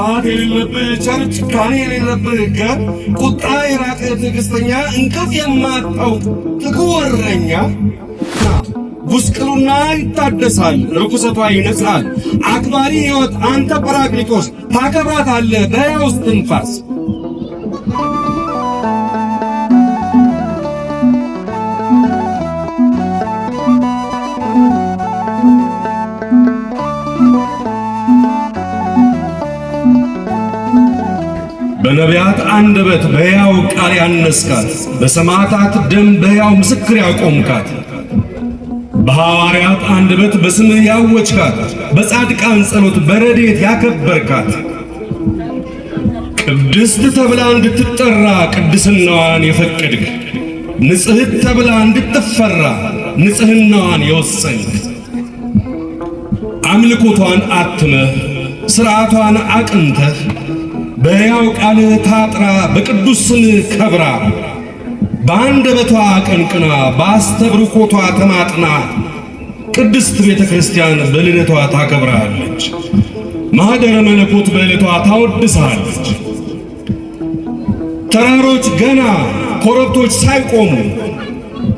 ክፋት የሌለብህ ቸር፣ ጭካኔ የሌለብህ ገር፣ ቁጣ የራቀ ትዕግሥተኛ፣ እንቅልፍ የማጣው ትጉ ጉስቅሉና ይታደሳል፣ ርኩሰቷ አክባሪ ሕይወት አንተ ጰራቅሊጦስ ታከብራታለህ በሕያው እስትንፋስ በነቢያት አንደበት በሕያው ቃል ያነስካት፣ በሰማዕታት ደም በሕያው ምስክር ያቆምካት፣ በሐዋርያት አንደበት በስምህ ያወጅካት፣ በጻድቃን ጸሎት በረዴት ያከበርካት፣ ቅድስት ተብላ እንድትጠራ ቅድስናዋን የፈቀድክ፣ ንጽሕት ተብላ እንድትፈራ ንጽሕናዋን የወሰንክ፣ አምልኮቷን አትመህ ሥርዓቷን አቅንተህ በሕያው ቃልህ ታጥራ በቅዱስ ስምህ ከብራ በአንደበቷ አቀንቅና በአስተብርኮቷ ተማጥና ቅድስት ቤተ ክርስቲያን በልደቷ ታከብራለች። ማኅደረ መለኮት በዕለቷ ታወድሳለች። ተራሮች ገና ኮረብቶች ሳይቆሙ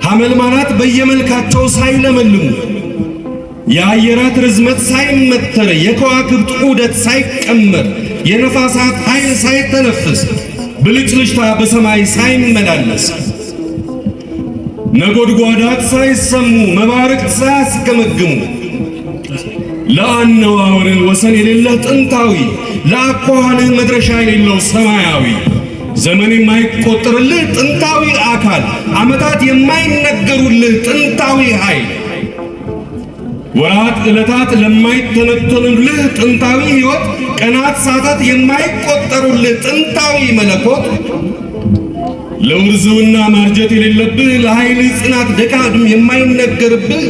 ሐመልማላት በየመልካቸው ሳይለመልሙ የአየራት ርዝመት ሳይመተር የከዋክብት ዑደት ሳይቀመር የነፋሳት ኃይል ሳይተነፈስ ብልጭልጭታ በሰማይ ሳይመላለስ ነጎድጓዳት ሳይሰሙ መባረቅ ሳያስገመግሙ ለአነዋወር ወሰን የሌለ ጥንታዊ ለአኳኋንህ መድረሻ የሌለው ሰማያዊ ዘመን የማይቆጠርልህ ጥንታዊ አካል ዓመታት የማይነገሩልህ ጥንታዊ ኃይል ወራት፣ ዕለታት ለማይተነተኑልህ ጥንታዊ ሕይወት፣ ቀናት፣ ሰዓታት የማይቆጠሩልህ ጥንታዊ መለኮት ለውርዝውና ማርጀት የሌለብህ ለኃይል ጽናት ደካድም የማይነገርብህ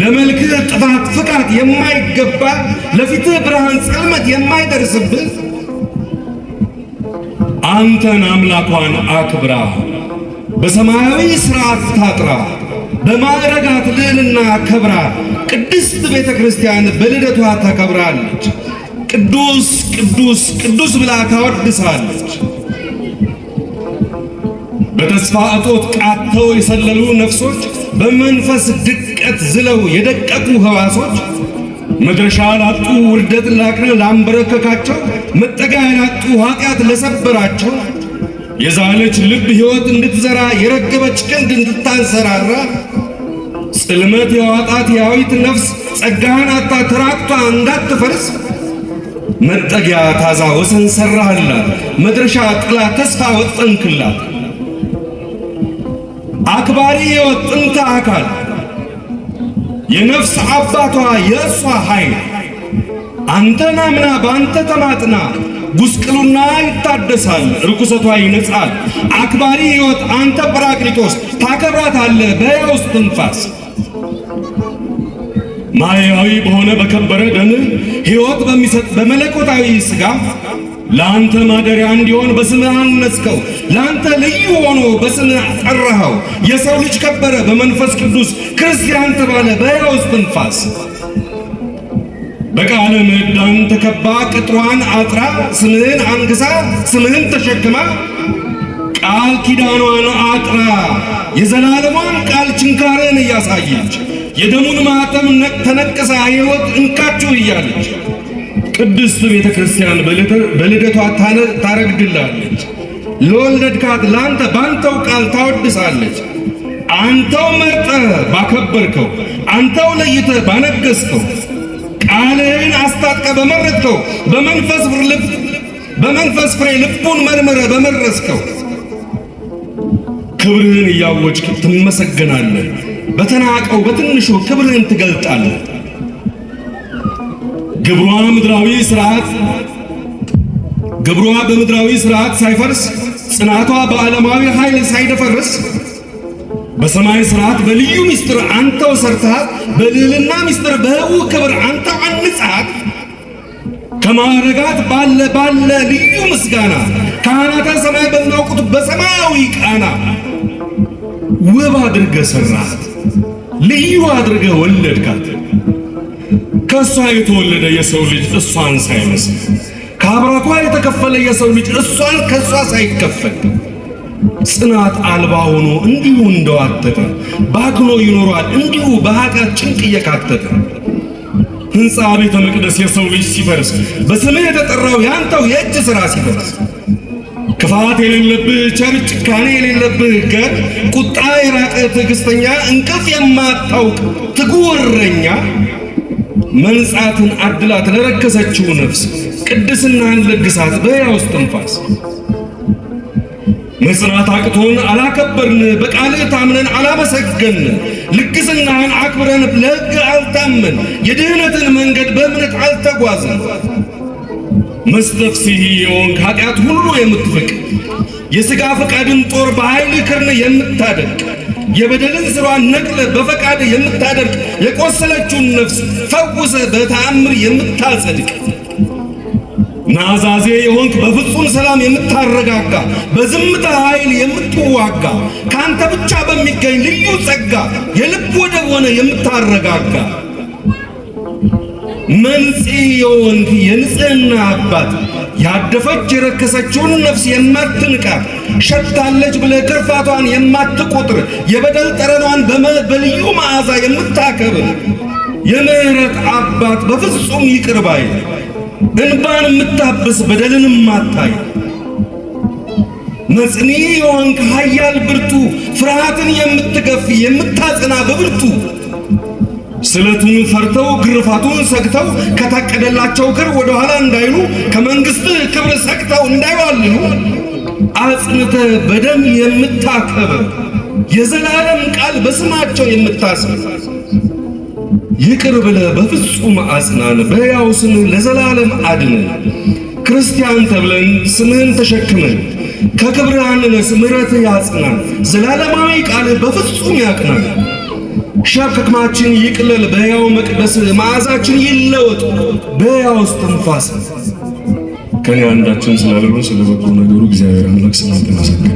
ለመልክህ ጥፋት ፍቃት የማይገባ ለፊትህ ብርሃን ጽልመት የማይደርስብህ አንተን አምላኳን አክብራ በሰማያዊ ሥርዓት ታጥራ በማዕረጋት ልዕልና ከብራ ቅድስት ቤተ ክርስቲያን በልደቷ ታከብራለች። ቅዱስ ቅዱስ ቅዱስ ብላ ታወድሳለች። በተስፋ እጦት ቃተው የሰለሉ ነፍሶች፣ በመንፈስ ድቀት ዝለው የደቀቁ ሕዋሶች መድረሻ ላጡ ውርደት ላቅነ ላንበረከካቸው መጠጋያ ላጡ ኃጢአት ለሰበራቸው የዛለች ልብ ሕይወት እንድትዘራ የረገበች ክንድ እንድታንሰራራ ጽልመት የዋጣት የአዊት ነፍስ ጸጋህን አታ ተራቅቷ እንዳትፈርስ መጠጊያ ታዛ ወሰን ሰራህላት መድረሻ ጥላ ተስፋ ወጠንክላት አክባሪ ሕይወት ጥንተ አካል የነፍስ አባቷ የእሷ ኃይል አንተና ምና በአንተ ተማጥና ጉስቅሉና ይታደሳል፣ ርኩሰቷ ይነጻል። አክባሪ ሕይወት አንተ ጰራቅሊጦስ ታከብራታለህ በሕያው እስትንፋስ ማያዊ በሆነ በከበረ ደም ሕይወት በሚሰጥ በመለኮታዊ ሥጋ ለአንተ ማደሪያ እንዲሆን በስምህ አነጽከው፣ ለአንተ ልዩ ሆኖ በስምህ ጠራኸው። የሰው ልጅ ከበረ በመንፈስ ቅዱስ ክርስቲያን ተባለ በሕያው እስትንፋስ በቃለ ምዕዳን ተከባ ቅጥሯን አጥራ ስምህን አንግሳ ስምህን ተሸክማ ቃል ኪዳኗን አጥራ የዘላለሟን ቃል ችንካርን እያሳየች የደሙን ማኅተም ተነቅሳ ሕይወት እንካችሁ እያለች ቅድስት ቤተ ክርስቲያን በልደቷ ታረግድላለች። ለወለድካት ለአንተ ባንተው ቃል ታወድሳለች። አንተው መርጠ ባከበርከው፣ አንተው ለይተ ባነገስከው ቃልህን አስታጥቀ በመረጥከው በመንፈስ ፍሬ ልብ በመንፈስ ፍሬ ልቡን መርምረ በመረስከው ክብርህን እያወጅክ ትመሰገናለህ። በተናቀው በትንሹ ክብርህን ትገልጣለህ። ግብሯ ምድራዊ ስርዓት ግብሯ በምድራዊ ስርዓት ሳይፈርስ ጽናቷ በዓለማዊ ኃይል ሳይደፈርስ በሰማያዊ ስርዓት በልዩ ምስጢር አንተው ሰርተሃት በልዕልና ምስጢር በህቡ ክብር አንተው አንጻት ከማረጋት ባለ ባለ ልዩ ምስጋና ካህናተ ሰማይ በሚያውቁት በሰማያዊ ቃና ውብ አድርገ ሰራት ልዩ አድርገ ወለድካት። ከእሷ የተወለደ የሰው ልጅ እሷን ሳይመስል ከአብራኳ የተከፈለ የሰው ልጅ እሷን ከእሷ ሳይከፈል ጽናት አልባ ሆኖ እንዲሁ እንደዋጠጠ ባክኖ ይኖሯል። እንዲሁ በኃጢአት ጭንቅ እየካተተ ሕንፃ ቤተ መቅደስ የሰው ልጅ ሲፈርስ በስምህ የተጠራው ያንተው የእጅ ሥራ ሲፈርስ ክፋት የሌለብህ ቸር ጭካኔ የሌለብህ ገር ቁጣ የራቀ ትዕግሥተኛ እንቅፍ የማታውቅ ትጉ መንጻትን አድላት ለረከሰችው ነፍስ ቅድስናን ለግሳት በሕያው እስትንፋስ መጽናት አቅቶን አላከበርን፣ በቃልህ ታምነን አላመሰገን፣ ልግስናህን አክብረን ለሕግ አልታመን፣ የድህነትን መንገድ በእምነት አልተጓዝን። መስተፍሥሒ የሆንክ ኃጢአት ሁሉ የምትፍቅ የሥጋ ፈቃድን ጦር በኃይል ክርን የምታደርቅ የበደልን ሥራዋን ነቅለ በፈቃድ የምታደርቅ የቆሰለችውን ነፍስ ፈውሰ በተአምር የምታጸድቅ ናዛዜ የሆንክ በፍጹም ሰላም የምታረጋጋ በዝምታ ኃይል የምትዋጋ ከአንተ ብቻ በሚገኝ ልዩ ጸጋ የልብ ወደብ ሆነ የምታረጋጋ መንጽሕ የሆንክ የንጽህና አባት ያደፈች የረከሰችውን ነፍስ የማትንቃት ሸታለች ብለ ክርፋቷን የማትቆጥር የበደል ጠረኗን በልዩ መዓዛ የምታከብር የምህረት አባት በፍጹም ይቅርባይ እንባን የምታብስ በደልን ማታይ መጽኒ የሆንክ ኃያል ብርቱ ፍርሃትን የምትገፍ የምታጽና በብርቱ ስለቱን ፈርተው ግርፋቱን ሰግተው ከታቀደላቸው ክር ወደ ኋላ እንዳይሉ ከመንግሥት ክብር ሰግተው እንዳይዋልሉ አጽንተ በደም የምታከበ የዘላለም ቃል በስማቸው የምታስብ ይቅር ብለ በፍጹም አጽናን፣ በሕያው ስም ለዘላለም አድን ክርስቲያን ተብለን ስምህን ተሸክመን ከክብርህ አንነስ፣ ምሕረት ያጽናን፣ ዘላለማዊ ቃል በፍጹም ያቅናን። ሸክማችን ይቅለል፣ በሕያው መቅደስ መዓዛችን ይለወጥ፣ በሕያው እስትንፋስ ከኔ አንዳችን ስላልሆነ ስለ ነገሩ እግዚአብሔር አምላክ ስላልተመሰገነ